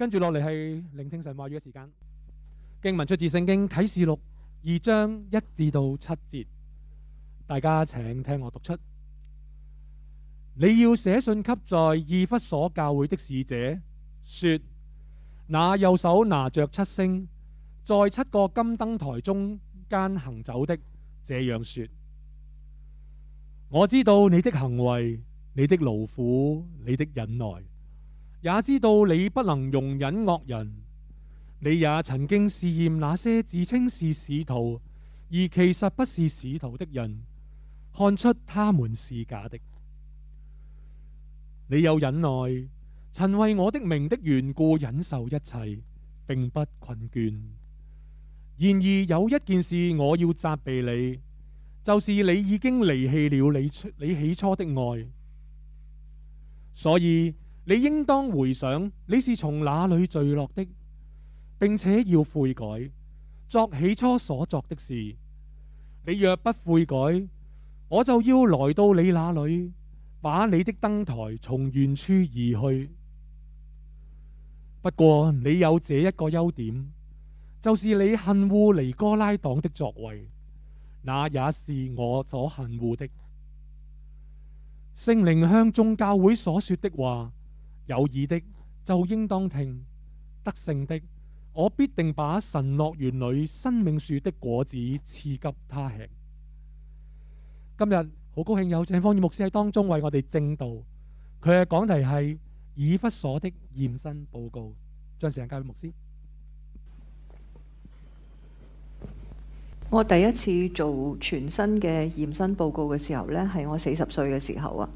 跟住落嚟係聆聽神話語嘅時間，經文出自聖經啟示錄二章一至到七節，大家請聽我讀出。你要寫信給在以弗所教會的使者，說，那右手拿着七星，在七個金燈台中間行走的，這樣說，我知道你的行為，你的勞苦，你的忍耐。也知道你不能容忍惡人，你也曾經試驗那些自稱是使徒而其實不是使徒的人，看出他們是假的。你有忍耐，曾為我的名的緣故忍受一切，並不困倦。然而有一件事我要責備你，就是你已經離棄了你你起初的愛，所以。你應當回想你是從哪裏墜落的，並且要悔改作起初所作的事。你若不悔改，我就要來到你那裏，把你的燈台從原處移去。不過，你有這一個優點，就是你恨惡尼哥拉黨的作為，那也是我所恨惡的。聖靈向眾教會所說的話。有耳的就應當聽，得勝的，我必定把神樂園裏生命樹的果子賜給他吃。今日好高興有請方耀牧師喺當中為我哋證道，佢嘅講題係以弗所的驗身報告。將時間交俾牧師。我第一次做全身嘅驗身報告嘅時候呢係我四十歲嘅時候啊。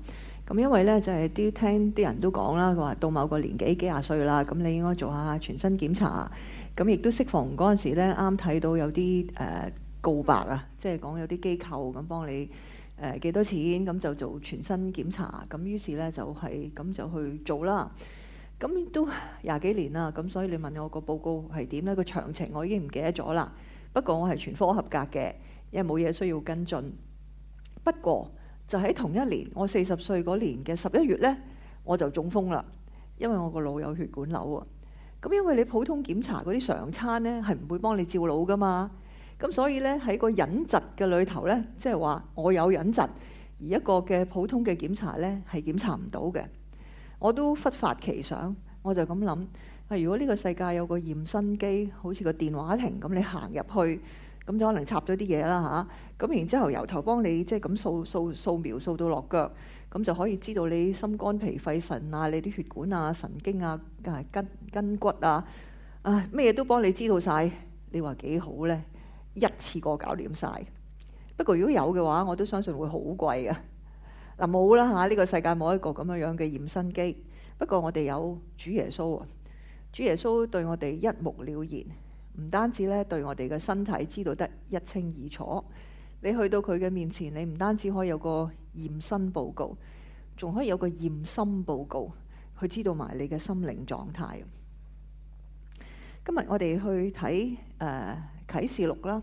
咁因為咧，就係啲聽啲人都講啦，佢話到某個年紀幾廿歲啦，咁你應該做下全身檢查。咁亦都識逢適逢嗰陣時咧，啱睇到有啲誒告白啊，即係講有啲機構咁幫你誒幾、呃、多錢，咁就做全身檢查。咁於是咧就係、是、咁就去做啦。咁都廿幾年啦，咁所以你問我個報告係點咧？個詳情我已經唔記得咗啦。不過我係全科合格嘅，因為冇嘢需要跟進。不過。就喺同一年，我四十歲嗰年嘅十一月呢，我就中風啦，因為我個腦有血管瘤啊。咁因為你普通檢查嗰啲常餐呢，係唔會幫你照腦㗎嘛。咁所以呢，喺個隱疾嘅裏頭呢，即係話我有隱疾，而一個嘅普通嘅檢查呢，係檢查唔到嘅。我都忽發奇想，我就咁諗啊，如果呢個世界有個驗身機，好似個電話亭咁，你行入去。咁就可能插咗啲嘢啦吓，咁、啊、然之後由頭幫你即係咁掃掃掃描掃到落腳，咁就可以知道你心肝脾肺腎啊，你啲血管啊、神經啊、啊筋筋骨啊，啊咩嘢都幫你知道晒，你話幾好呢，一次過搞掂晒。不過如果有嘅話，我都相信會好貴啊。嗱冇啦嚇，呢、啊這個世界冇一個咁樣樣嘅驗身機。不過我哋有主耶穌啊，主耶穌對我哋一目了然。唔單止咧對我哋嘅身體知道得一清二楚，你去到佢嘅面前，你唔單止可以有個驗身報告，仲可以有個驗心報告，去知道埋你嘅心靈狀態。今日我哋去睇誒啟示錄啦，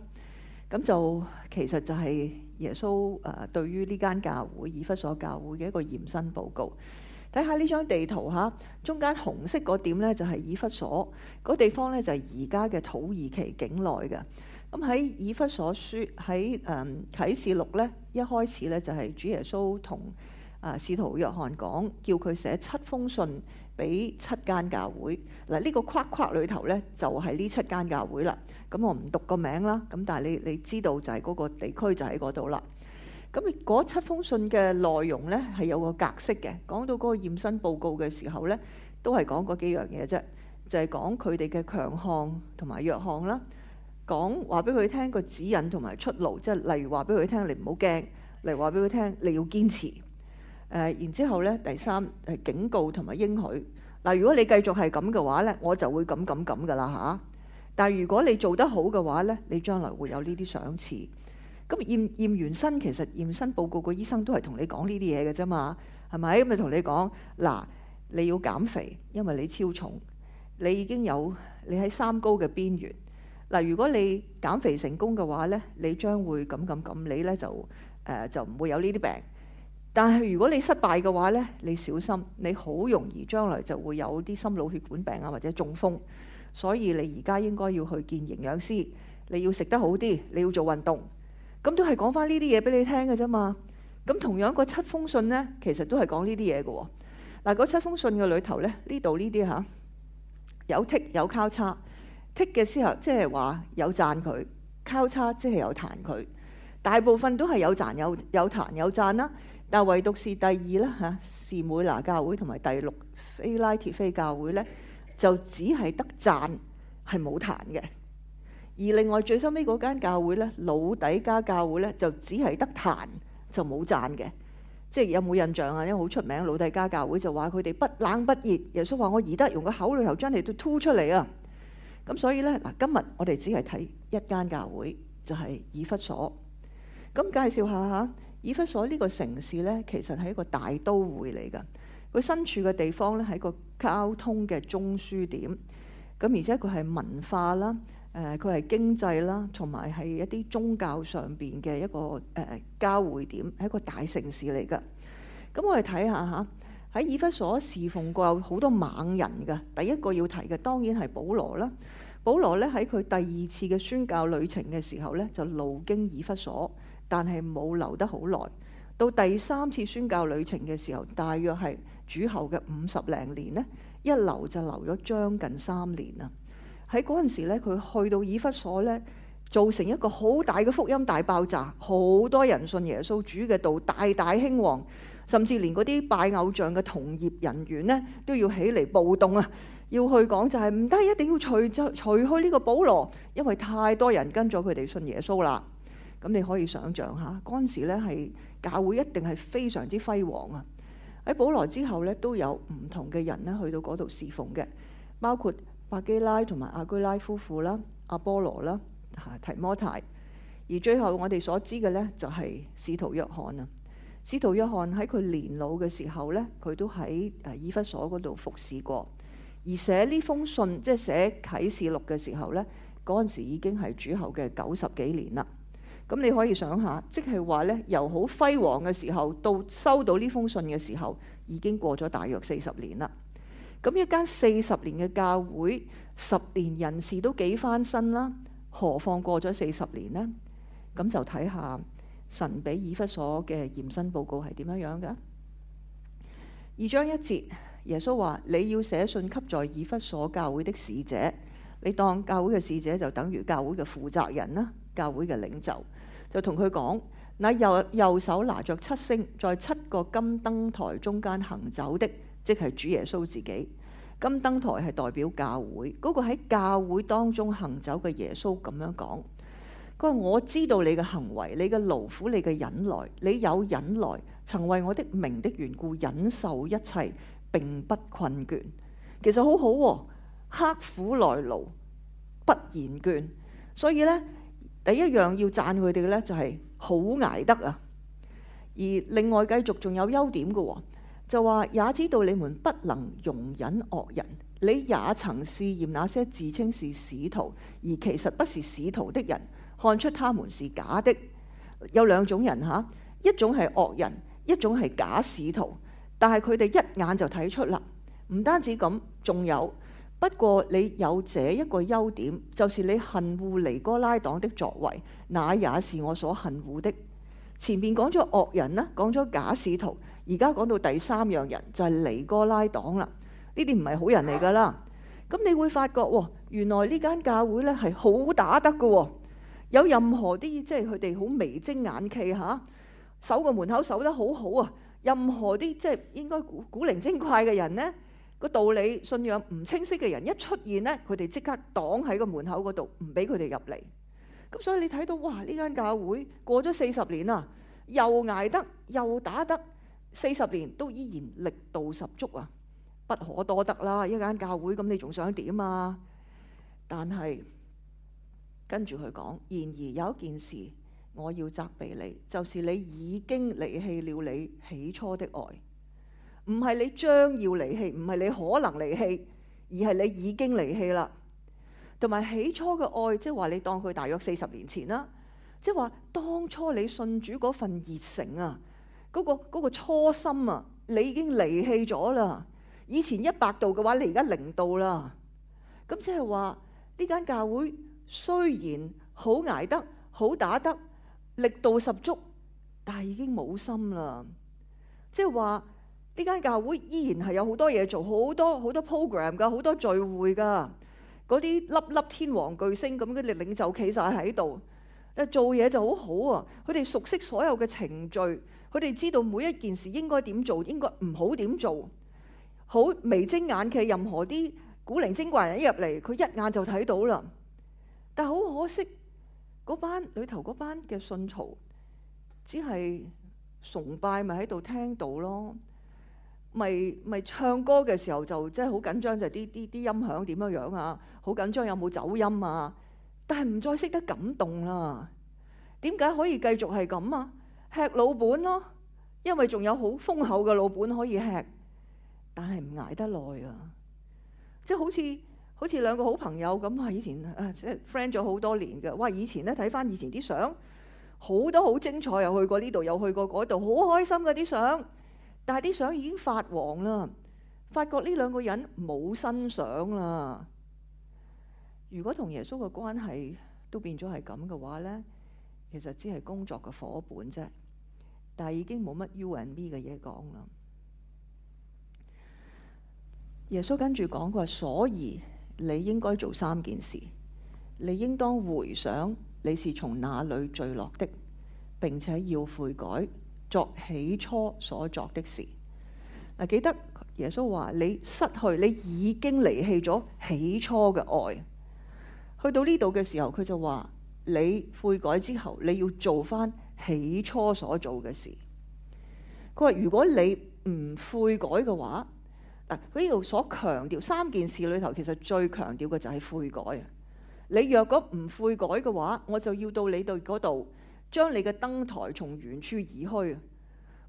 咁就其實就係耶穌誒對於呢間教會、以弗所教會嘅一個驗身報告。睇下呢張地圖吓，中間紅色嗰點呢就係以弗所，嗰、那個、地方呢，就係而家嘅土耳其境內嘅。咁喺以弗所書喺誒啟示錄呢，一開始呢，就係主耶穌同啊使徒約翰講，叫佢寫七封信俾七間教會。嗱、這、呢個框框裏頭呢，就係呢七間教會啦。咁我唔讀個名啦，咁但係你你知道就係嗰個地區就喺嗰度啦。咁誒，嗰七封信嘅內容呢，係有個格式嘅。講到嗰個驗身報告嘅時候呢，都係講嗰幾樣嘢啫，就係、是、講佢哋嘅強項同埋弱項啦。講話俾佢聽個指引同埋出路，即係例如話俾佢聽你唔好驚，例如話俾佢聽你要堅持。誒、呃，然之後呢，第三係警告同埋應許。嗱、呃，如果你繼續係咁嘅話呢，我就會咁咁咁噶啦嚇。但係如果你做得好嘅話呢，你將來會有呢啲賞賜。咁驗驗完身，其實驗身報告個醫生都係同你講呢啲嘢嘅啫嘛，係咪？咁咪同你講，嗱，你要減肥，因為你超重，你已經有你喺三高嘅邊緣。嗱，如果你減肥成功嘅話呢，你將會咁咁咁，你呢就誒、呃、就唔會有呢啲病。但係如果你失敗嘅話呢，你小心你好容易將來就會有啲心腦血管病啊，或者中風。所以你而家應該要去見營養師，你要食得好啲，你要做運動。咁都係講翻呢啲嘢俾你聽嘅啫嘛。咁同樣個七封信呢，其實都係講呢啲嘢嘅喎。嗱，嗰七封信嘅裏頭呢，呢度呢啲吓，有剔有交叉，剔嘅時候即係話有讚佢，交叉即係有彈佢。大部分都係有讚有有彈有讚啦，但唯獨是第二啦嚇，士每拿教會同埋第六非拉鐵非教會呢，就只係得讚係冇彈嘅。而另外最收尾嗰間教會咧，老底加教會咧，就只係得彈就冇讚嘅，即係有冇印象啊？因為好出名老底加教會就話佢哋不冷不熱。耶穌話：我兒得用個口裏頭將你都吐出嚟啊！咁所以咧嗱，今日我哋只係睇一間教會，就係、是、以弗所。咁介紹下嚇，以弗所呢個城市咧，其實係一個大都會嚟㗎。佢身處嘅地方咧，係一個交通嘅中樞點，咁而且佢係文化啦。誒佢係經濟啦，同埋係一啲宗教上邊嘅一個誒、呃、交匯點，係一個大城市嚟噶。咁我哋睇下嚇，喺以弗所侍奉過有好多猛人噶。第一個要提嘅當然係保羅啦。保羅咧喺佢第二次嘅宣教旅程嘅時候咧，就路經以弗所，但係冇留得好耐。到第三次宣教旅程嘅時候，大約係主後嘅五十零年呢，一留就留咗將近三年啊。喺嗰陣時咧，佢去到以弗所咧，造成一個好大嘅福音大爆炸，好多人信耶穌主嘅道，大大興旺，甚至連嗰啲拜偶像嘅同業人員咧，都要起嚟暴動啊，要去講就係唔得，一定要除咗除去呢個保羅，因為太多人跟咗佢哋信耶穌啦。咁你可以想象下，嗰陣時咧係教會一定係非常之輝煌啊！喺保羅之後咧，都有唔同嘅人咧去到嗰度侍奉嘅，包括，百基拉同埋阿居拉夫婦啦，阿波羅啦，提摩太，而最後我哋所知嘅呢，就係使徒約翰啊。使徒約翰喺佢年老嘅時候呢，佢都喺啊以弗所嗰度服侍過。而寫呢封信，即係寫啟示錄嘅時候呢，嗰陣時已經係主後嘅九十幾年啦。咁你可以想下，即係話呢，由好輝煌嘅時候到收到呢封信嘅時候，已經過咗大約四十年啦。咁一間四十年嘅教會，十年人事都幾翻身啦、啊，何況過咗四十年呢？咁就睇下神俾以弗所嘅驗身報告係點樣樣嘅。二章一節，耶穌話：你要寫信給在以弗所教會的使者，你當教會嘅使者就等於教會嘅負責人啦，教會嘅領袖，就同佢講：嗱右右手拿着七星，在七個金燈台中間行走的。即係主耶穌自己，金燈台係代表教會。嗰個喺教會當中行走嘅耶穌咁樣講：佢話我知道你嘅行為，你嘅勞苦，你嘅忍耐，你有忍耐，曾為我的名的緣故忍受一切，並不困倦。其實好好，啊，刻苦耐勞，不厭倦。所以呢，第一樣要讚佢哋嘅呢，就係好捱得啊！而另外繼續仲有優點嘅，啊。就話也知道你們不能容忍惡人，你也曾試驗那些自稱是使徒而其實不是使徒的人，看出他們是假的。有兩種人吓，一種係惡人，一種係假使徒。但係佢哋一眼就睇出啦。唔單止咁，仲有，不過你有這一個優點，就是你恨惡尼哥拉黨的作為，那也是我所恨惡的。前面講咗惡人啦，講咗假使徒。而家講到第三樣人就係、是、尼哥拉黨啦。呢啲唔係好人嚟㗎啦。咁你會發覺喎、哦，原來呢間教會呢係好打得㗎、哦。有任何啲即係佢哋好眉精眼企吓，守個門口守得好好啊。任何啲即係應該古古靈精怪嘅人呢，個道理信仰唔清晰嘅人一出現呢，佢哋即刻擋喺個門口嗰度，唔俾佢哋入嚟。咁所以你睇到哇，呢間教會過咗四十年啊，又捱得又打得。四十年都依然力度十足啊，不可多得啦！一間教會咁，你仲想點啊？但係跟住佢講，然而有一件事我要責備你，就是你已經離棄了你起初的愛，唔係你將要離棄，唔係你可能離棄，而係你已經離棄啦。同埋起初嘅愛，即係話你當佢大約四十年前啦，即係話當初你信主嗰份熱誠啊。嗰個嗰個初心啊，你已經離棄咗啦。以前一百度嘅話，你而家零度啦。咁即係話呢間教會雖然好捱得，好打得，力度十足，但係已經冇心啦。即係話呢間教會依然係有好多嘢做，好多好多 program 㗎，好多聚會㗎。嗰啲粒粒天王巨星咁嘅領領袖企晒喺度，做嘢就好好啊。佢哋熟悉所有嘅程序。佢哋知道每一件事應該點做，應該唔好點做，好眉精眼企，任何啲古靈精怪人一入嚟，佢一眼就睇到啦。但係好可惜，嗰班裏頭嗰班嘅信徒，只係崇拜咪喺度聽到咯，咪咪唱歌嘅時候就即係好緊張就，就啲啲啲音響點樣樣啊，好緊張有冇走音啊，但係唔再識得感動啦。點解可以繼續係咁啊？吃老本咯，因為仲有好豐厚嘅老本可以吃，但係唔捱得耐啊！即係好似好似兩個好朋友咁啊，以前啊即係 friend 咗好多年㗎，哇！以前咧睇翻以前啲相，好多好精彩，又去過呢度，又去過嗰度，好開心嗰啲相。但係啲相已經發黃啦，發覺呢兩個人冇新相啦。如果同耶穌嘅關係都變咗係咁嘅話呢，其實只係工作嘅伙伴啫。但已經冇乜 U 和 V 嘅嘢講啦。耶穌跟住講佢話，所以你應該做三件事，你應當回想你是從哪裡墜落的，並且要悔改，作起初所作的事。嗱，記得耶穌話你失去，你已經離棄咗起初嘅愛。去到呢度嘅時候，佢就話你悔改之後，你要做翻。起初所做嘅事，佢話如果你唔悔改嘅話，嗱，佢呢度所強調三件事裏頭，其實最強調嘅就係悔改。你若果唔悔改嘅話，我就要到你對嗰度將你嘅燈台從遠處移去。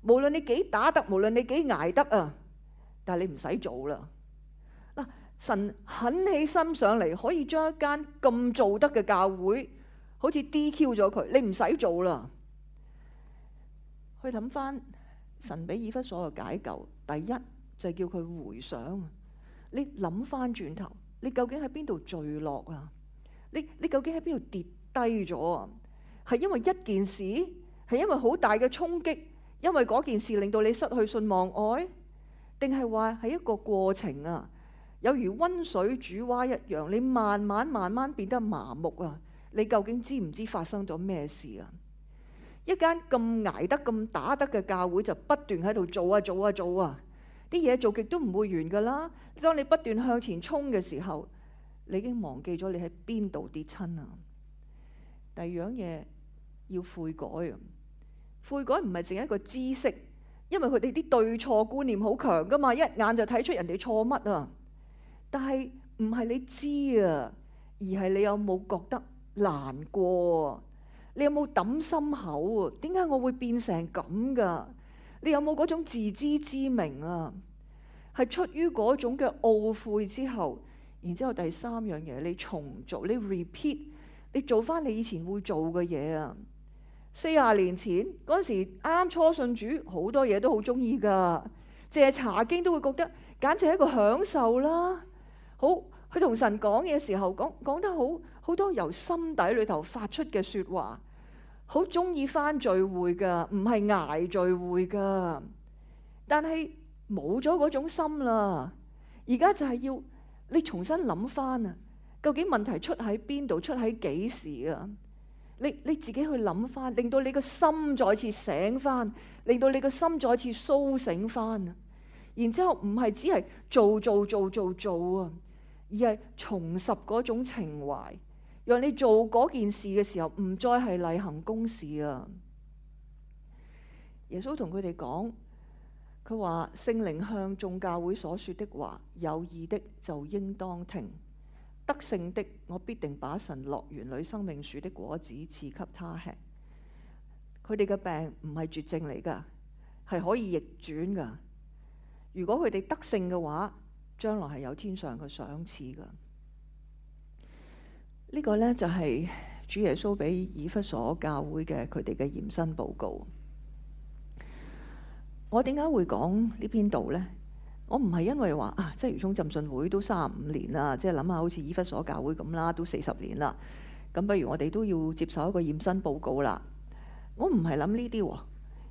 無論你幾打得，無論你幾捱得啊，但係你唔使做啦。神狠起心上嚟，可以將一間咁做得嘅教會，好似 DQ 咗佢，你唔使做啦。去諗翻神俾以弗所嘅解救，第一就係、是、叫佢回想，你諗翻轉頭，你究竟喺邊度墜落啊？你你究竟喺邊度跌低咗啊？係因為一件事，係因為好大嘅衝擊，因為嗰件事令到你失去信望愛，定係話係一個過程啊？有如溫水煮蛙一樣，你慢慢慢慢變得麻木啊！你究竟知唔知發生咗咩事啊？一間咁捱得、咁打得嘅教會，就不斷喺度做啊、做啊、做啊，啲嘢做極都唔會完噶啦。當你不斷向前衝嘅時候，你已經忘記咗你喺邊度跌親啊。第二樣嘢要悔改，悔改唔係淨係一個知識，因為佢哋啲對錯觀念好強噶嘛，一眼就睇出人哋錯乜啊。但係唔係你知啊，而係你有冇覺得難過？你有冇抌心口啊？點解我會變成咁㗎？你有冇嗰種自知之明啊？係出於嗰種嘅懊悔之後，然之後第三樣嘢，你重做，你 repeat，你做返你以前會做嘅嘢啊！四十年前嗰陣時啱初信主，好多嘢都好鍾意㗎，淨係查經都會覺得簡直係一個享受啦！好。佢同神講嘢時候，講講得好好多，由心底裏頭發出嘅說話，好中意翻聚會噶，唔係捱聚會噶。但係冇咗嗰種心啦。而家就係要你重新諗翻啊，究竟問題出喺邊度？出喺幾時啊？你你自己去諗翻，令到你個心再次醒翻，令到你個心再次蘇醒翻。然之後唔係只係做做做做做啊。而係重拾嗰種情懷，讓你做嗰件事嘅時候，唔再係例行公事啊。耶穌同佢哋講，佢話，聖靈向眾教會所說的話，有意的就應當聽，得勝的，我必定把神樂園裏生命樹的果子賜給他吃。佢哋嘅病唔係絕症嚟噶，係可以逆轉噶。如果佢哋得勝嘅話。將來係有天上嘅賞賜㗎。呢個呢，就係主耶穌俾以弗所教會嘅佢哋嘅驗身報告。我點解會講呢篇道呢？我唔係因為話啊，即係如忠浸信會都三五年啦，即係諗下好似以弗所教會咁啦，都四十年啦。咁不如我哋都要接受一個驗身報告啦。我唔係諗呢啲喎。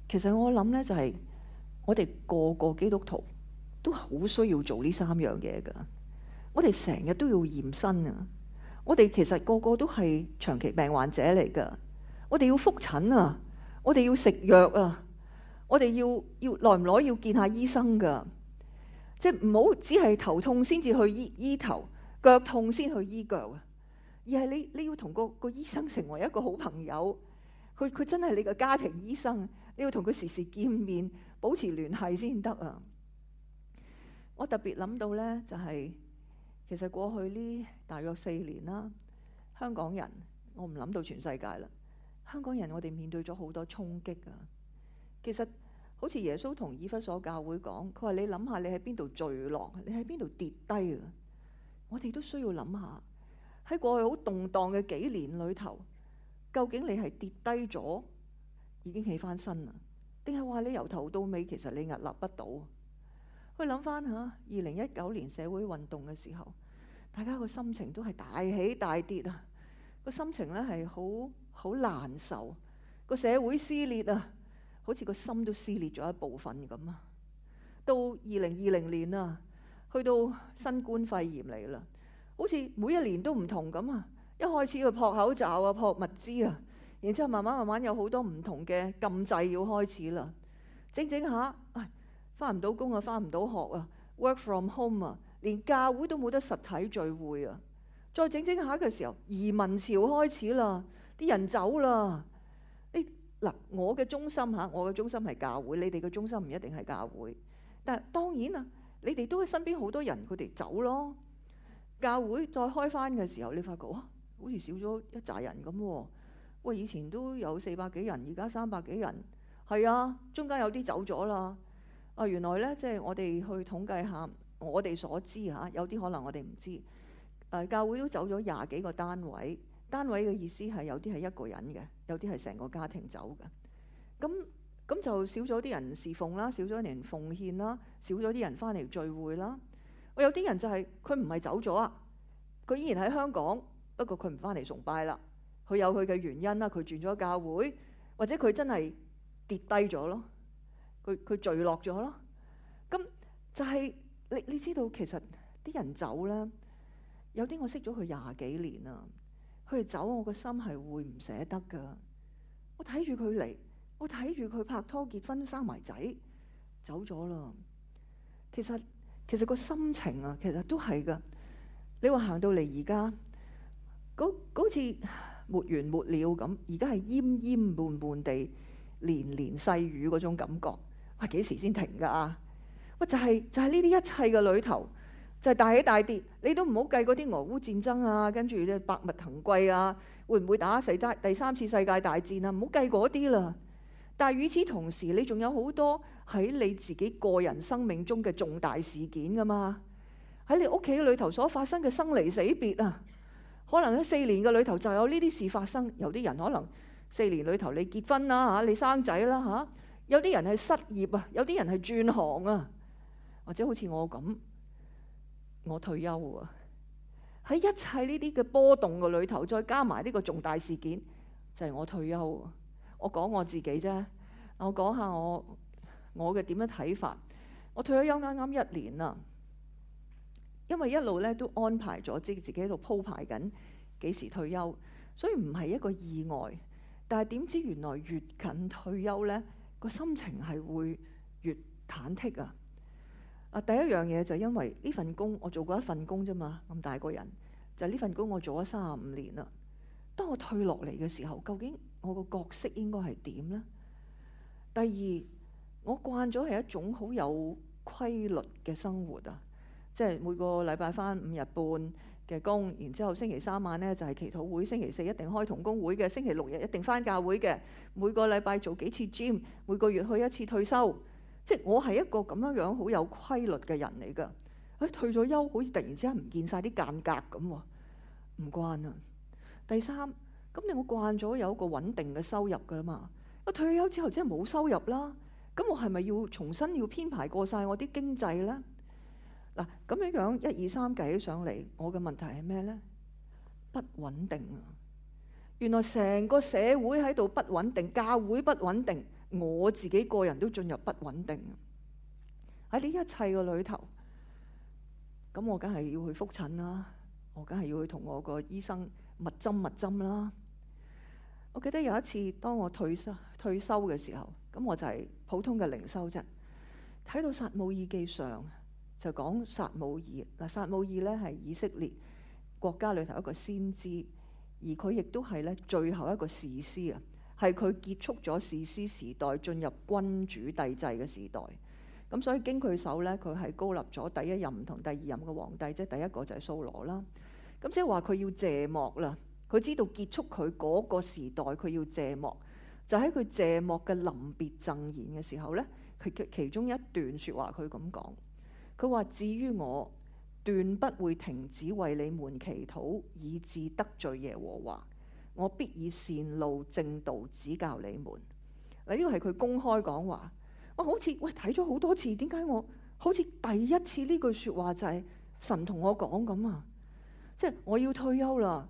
其實我諗呢，就係我哋個個基督徒。都好需要做呢三樣嘢噶。我哋成日都要驗身啊！我哋其實個個都係長期病患者嚟噶。我哋要復診啊！我哋要食藥啊！我哋要要耐唔耐要見下醫生噶。即係唔好只係頭痛先至去醫醫頭，腳痛先去醫腳啊！而係你你要同個個醫生成為一個好朋友。佢佢真係你嘅家庭醫生，你要同佢時時見面，保持聯繫先得啊！我特別諗到咧、就是，就係其實過去呢大約四年啦，香港人我唔諗到全世界啦。香港人我哋面對咗好多衝擊啊。其實好似耶穌同以弗所教會講，佢話你諗下你喺邊度墜落，你喺邊度跌低啊？我哋都需要諗下喺過去好動盪嘅幾年裏頭，究竟你係跌低咗已經起返身啊，定係話你由頭到尾其實你屹立不倒？諗翻吓，二零一九年社會運動嘅時候，大家個心情都係大起大跌啊！個心情咧係好好難受，個社會撕裂啊，好似個心都撕裂咗一部分咁啊！到二零二零年啊，去到新冠肺炎嚟啦，好似每一年都唔同咁啊！一開始去撲口罩啊、撲物資啊，然之後慢慢慢慢有好多唔同嘅禁制要開始啦，整整下。哎翻唔到工啊！翻唔到學啊！Work from home 啊！連教會都冇得實體聚會啊！再整整下嘅時候，移民潮開始啦，啲人走啦。誒嗱，我嘅中心嚇，我嘅中心係教會。你哋嘅中心唔一定係教會，但係當然啊，你哋都係身邊好多人佢哋走咯。教會再開翻嘅時候，你發覺哇、啊，好似少咗一紮人咁喎。喂，以前都有四百幾人，而家三百幾人係啊，中間有啲走咗啦。哦，原來咧，即係我哋去統計下，我哋所知嚇，有啲可能我哋唔知。誒，教會都走咗廿幾個單位，單位嘅意思係有啲係一個人嘅，有啲係成個家庭走嘅。咁咁就少咗啲人侍奉啦，少咗啲人奉獻啦，少咗啲人翻嚟聚會啦。我有啲人就係佢唔係走咗啊，佢依然喺香港，不過佢唔翻嚟崇拜啦。佢有佢嘅原因啦，佢轉咗教會，或者佢真係跌低咗咯。佢佢墜落咗咯，咁就係，你你知道，其實啲人走啦，有啲我識咗佢廿幾年啦，佢哋走，我個心係會唔捨得噶。我睇住佢嚟，我睇住佢拍拖、結婚、生埋仔，走咗啦。其實其實個心情啊，其實都係噶。你話行到嚟而家，好似沒完沒了咁，而家係奄奄悶悶地、連連細雨嗰種感覺。係，幾時先停㗎啊？喂，就係、是、就係呢啲一切嘅裏頭，就係、是、大起大跌。你都唔好計嗰啲俄烏戰爭啊，跟住咧百物騰貴啊，會唔會打死大第三次世界大戰啊？唔好計嗰啲啦。但係與此同時，你仲有好多喺你自己個人生命中嘅重大事件㗎嘛？喺你屋企嘅裏頭所發生嘅生離死別啊，可能喺四年嘅裏頭就有呢啲事發生。有啲人可能四年裏頭你結婚啦、啊、嚇，你生仔啦嚇。啊，有啲人係失業啊，有啲人係轉行啊，或者好似我咁，我退休啊。喺一切呢啲嘅波動嘅裏頭，再加埋呢個重大事件，就係我退休。我講我自己啫，我講下我我嘅點樣睇法。我退咗休啱啱一年啊，因為一路咧都安排咗，即自己喺度鋪排緊幾時退休，所以唔係一個意外。但係點知原來越近退休呢，個心情係會越忐忑啊！啊，第一樣嘢就係因為呢份工，我做過一份工啫嘛，咁大個人就係呢份工我做咗三十五年啦。當我退落嚟嘅時候，究竟我個角色應該係點呢？第二，我慣咗係一種好有規律嘅生活啊，即係每個禮拜翻五日半。嘅工，然之後星期三晚咧就係、是、祈禱會，星期四一定開同工會嘅，星期六日一定翻教會嘅，每個禮拜做幾次 gym，每個月去一次退修，即係我係一個咁樣樣好有規律嘅人嚟㗎。誒、哎，退咗休好似突然之間唔見晒啲間隔咁喎，唔慣啊。第三，咁你我慣咗有一個穩定嘅收入㗎喇嘛？我退咗休之後真係冇收入啦，咁我係咪要重新要編排過晒我啲經濟咧？嗱咁樣樣一二三計起上嚟，我嘅問題係咩呢？不穩定啊！原來成個社會喺度不穩定，教會不穩定，我自己個人都進入不穩定。喺呢一切嘅裏頭，咁我梗係要去覆診啦，我梗係要去同我個醫生密針密針啦。我記得有一次當我退修退修嘅時候，咁我就係普通嘅靈修啫，睇到撒母耳記上。就講撒母耳嗱，撒母耳咧係以色列國家裏頭一個先知，而佢亦都係咧最後一個士師啊，係佢結束咗士師時代，進入君主帝制嘅時代。咁所以經佢手咧，佢係高立咗第一任同第二任嘅皇帝，即係第一個就係蘇羅啦。咁即係話佢要謝幕啦，佢知道結束佢嗰個時代，佢要謝幕。就喺佢謝幕嘅臨別贈言嘅時候咧，佢嘅其中一段説話說，佢咁講。佢話：至於我，斷不會停止為你們祈禱，以致得罪耶和華。我必以善路正道指教你們。嗱，呢個係佢公開講話。我好似喂睇咗好多次，點解我好似第一次呢句説話就係神同我講咁啊？即係我要退休啦，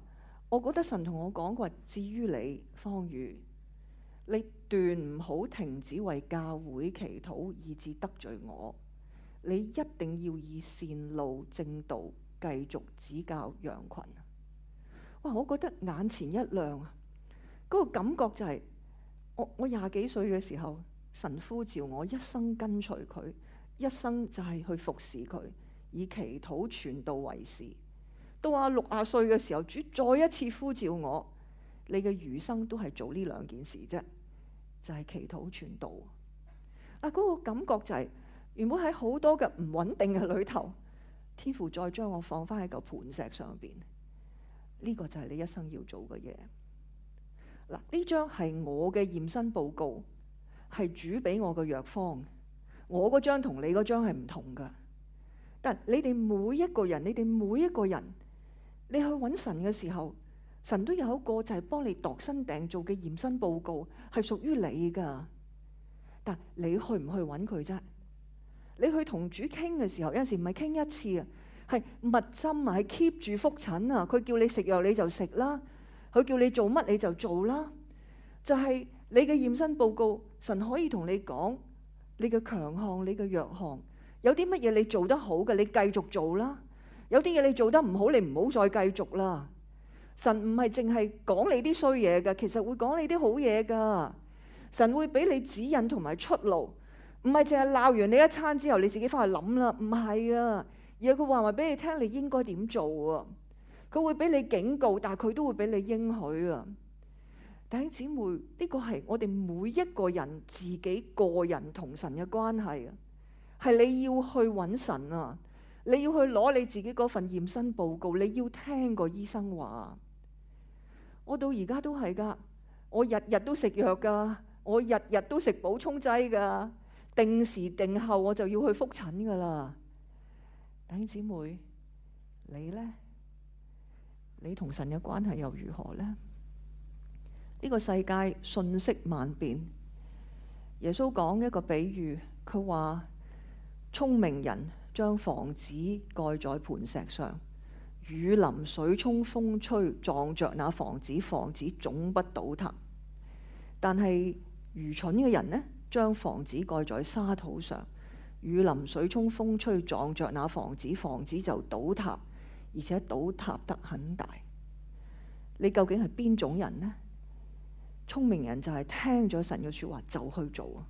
我覺得神同我講過，至於你方宇，你斷唔好停止為教會祈禱，以致得罪我。你一定要以善路正道繼續指教羊群。啊！哇，我覺得眼前一亮啊！嗰、那個感覺就係、是、我我廿幾歲嘅時候，神呼召我一生跟隨佢，一生就係去服侍佢，以祈禱傳道為事。到啊六十歲嘅時候，主再一次呼召我，你嘅餘生都係做呢兩件事啫，就係、是、祈禱傳道啊！嗰、那個感覺就係、是。原本喺好多嘅唔穩定嘅裏頭，天父再將我放翻喺嚿磐石上邊，呢個就係你一生要做嘅嘢。嗱，呢張係我嘅驗身報告，係主俾我嘅藥方。我嗰張同你嗰張係唔同噶。但你哋每一個人，你哋每一個人，你去揾神嘅時候，神都有一個就係幫你度身訂做嘅驗身報告，係屬於你噶。但你去唔去揾佢啫？你去同主傾嘅時候，有陣時唔係傾一次啊，係密針啊，係 keep 住復診啊。佢叫你食藥你就食啦，佢叫你做乜你就做啦。就係你嘅驗身報告，神可以同你講你嘅強項、你嘅弱項，有啲乜嘢你做得好嘅，你繼續做啦。有啲嘢你做得唔好，你唔好再繼續啦。神唔係淨係講你啲衰嘢嘅，其實會講你啲好嘢噶。神會俾你指引同埋出路。唔係淨係鬧完你一餐之後，你自己翻去諗啦。唔係啊，而且佢話話俾你聽，你應該點做啊？佢會俾你警告，但係佢都會俾你應許啊。弟兄姊妹，呢個係我哋每一個人自己個人同神嘅關係啊，係你要去揾神啊，你要去攞你自己嗰份驗身報告，你要聽個醫生話。我到而家都係噶，我日日都食藥噶，我日日都食補充劑噶。定時定候我就要去複診噶啦，弟兄姊妹，你呢？你同神嘅關係又如何呢？呢個世界瞬息萬變，耶穌講一個比喻，佢話聰明人將房子蓋在磐石上，雨淋水沖風吹撞着那房子，房子總不倒塌。但係愚蠢嘅人呢？將房子蓋在沙土上，雨淋水沖、風吹撞着那房子，房子就倒塌，而且倒塌得很大。你究竟係邊種人呢？聰明人就係聽咗神嘅說話就去做啊！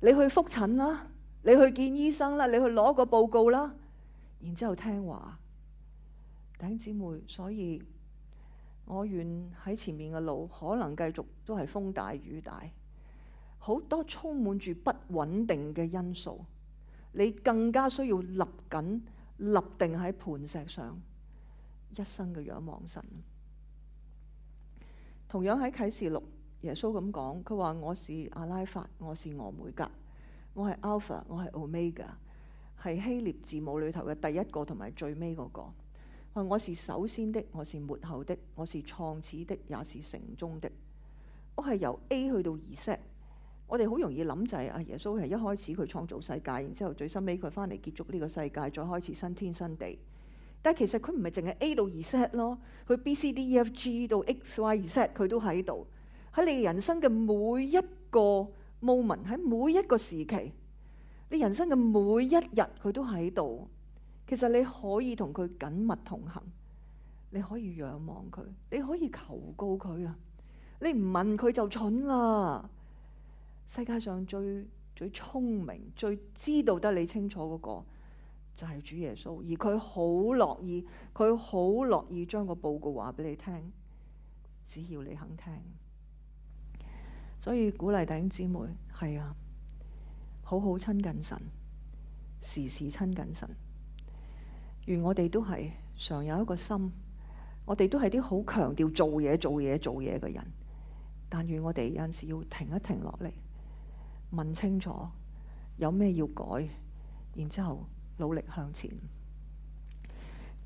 你去復診啦，你去見醫生啦，你去攞個報告啦，然之後聽話，弟姊妹。所以，我願喺前面嘅路，可能繼續都係風大雨大。好多充滿住不穩定嘅因素，你更加需要立緊、立定喺磐石上，一生嘅仰望神。同樣喺啟示錄，耶穌咁講，佢話：我是阿拉法，我是俄梅格，我係 Alpha，我係 Omega，係希臘字母裏頭嘅第一個同埋最尾嗰個。我是首先的，我是末後的，我是創始的，也是成終的。我係由 A 去到 Z。」我哋好容易諗就係啊，耶穌係一開始佢創造世界，然之後最深尾佢翻嚟結束呢個世界，再開始新天新地。但係其實佢唔係淨係 A 到 reset 咯，佢 B、C、D、E、F、G 到 X、Y reset 佢都喺度。喺你人生嘅每一個 moment，喺每一個時期，你人生嘅每一日佢都喺度。其實你可以同佢緊密同行，你可以仰望佢，你可以求告佢啊！你唔問佢就蠢啦。世界上最最聰明、最知道得你清楚嗰個，就係主耶穌，而佢好樂意，佢好樂意將個報告話俾你聽，只要你肯聽。所以鼓勵弟兄姊妹，係啊，好好親近神，時時親近神。願我哋都係常有一個心，我哋都係啲好強調做嘢、做嘢、做嘢嘅人，但願我哋有陣時要停一停落嚟。問清楚有咩要改，然之後努力向前。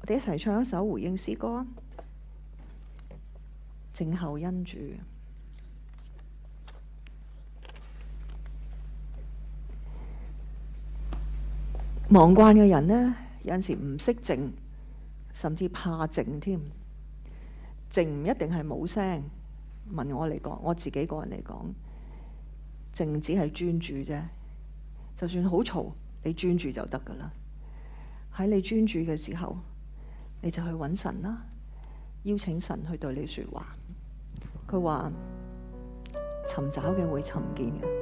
我哋一齊唱一首回應詩歌啊！靜候恩主，忙慣嘅人呢，有陣時唔識靜，甚至怕靜添。靜唔一定係冇聲。問我嚟講，我自己個人嚟講。淨只係專注啫，就算好嘈，你專注就得㗎喇。喺你專注嘅時候，你就去揾神啦，邀請神去對你説話。佢話：尋找嘅會尋見嘅。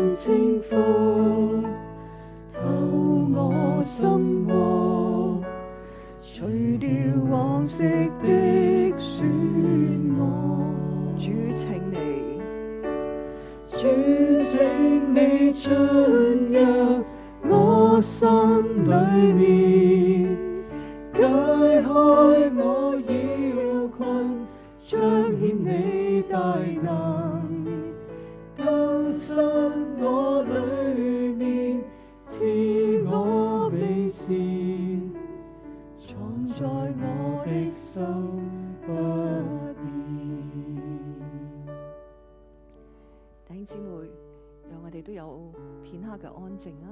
安靜啊！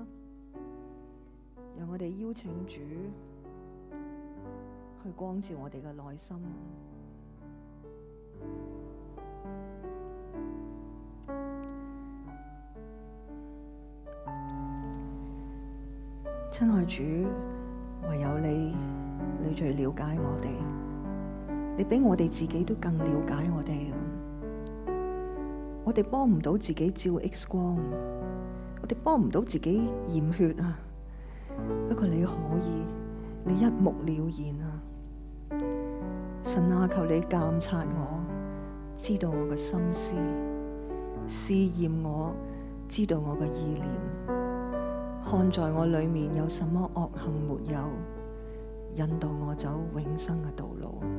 由我哋邀請主去光照我哋嘅內心。親愛主，唯有你，你最了解我哋。你比我哋自己都更了解我哋。我哋幫唔到自己照 X 光。你幫唔到自己驗血啊？不過你可以，你一目了然啊！神啊，求你鑒察我，知道我嘅心思，試驗我，知道我嘅意念，看在我裏面有什麼惡行沒有，引導我走永生嘅道路。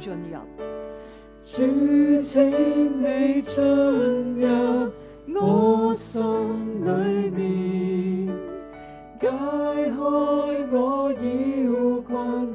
進入，主，請你進入我心裏面，解開我憂困。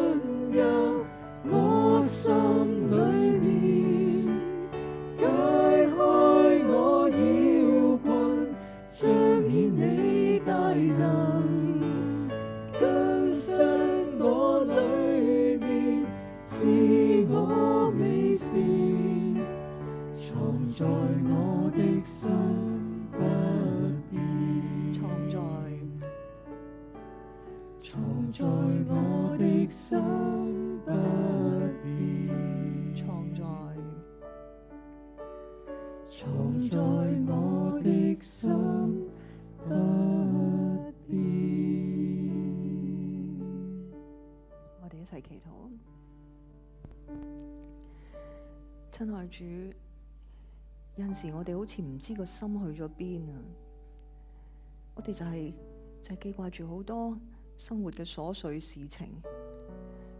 在我的心不變，藏在藏在我的心不變。我哋一齊祈禱，親愛主，有陣時我哋好似唔知個心去咗邊啊！我哋就係就係記掛住好多。生活嘅瑣碎事情，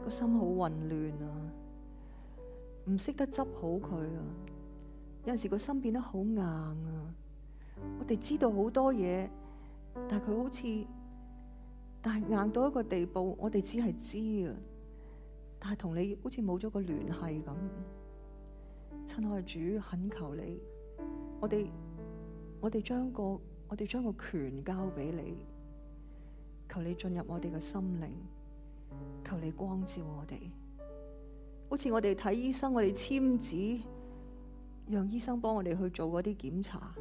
個心好混亂啊！唔識得執好佢啊！有時個心變得好硬啊！我哋知道好多嘢，但係佢好似，但係硬到一個地步，我哋只係知啊，但係同你好似冇咗個聯繫咁。親愛主，懇求你，我哋我哋將個我哋將個權交俾你。求你進入我哋嘅心靈，求你光照我哋。好似我哋睇醫生，我哋簽紙，讓醫生幫我哋去做嗰啲檢查。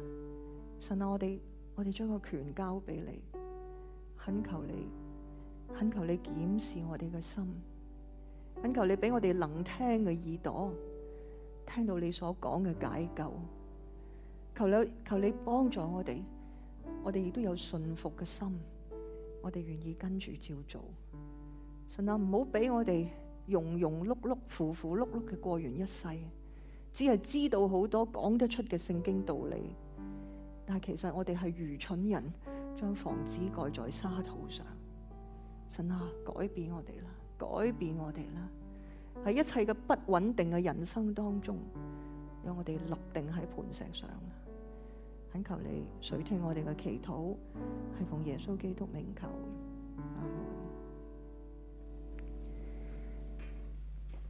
神啊，我哋我哋將個權交俾你，懇求你，懇求你檢視我哋嘅心，懇求你俾我哋能聽嘅耳朵，聽到你所講嘅解救。求你，求你幫助我哋，我哋亦都有信服嘅心。我哋願意跟住照做，神啊，唔好俾我哋庸庸碌碌，苦苦碌碌嘅過完一世，只係知道好多講得出嘅聖經道理，但係其實我哋係愚蠢人，將房子蓋在沙土上。神啊，改變我哋啦，改變我哋啦，喺一切嘅不穩定嘅人生當中，讓我哋立定喺磐石上。懇求你垂聽我哋嘅祈禱，係奉耶穌基督名求。阿門。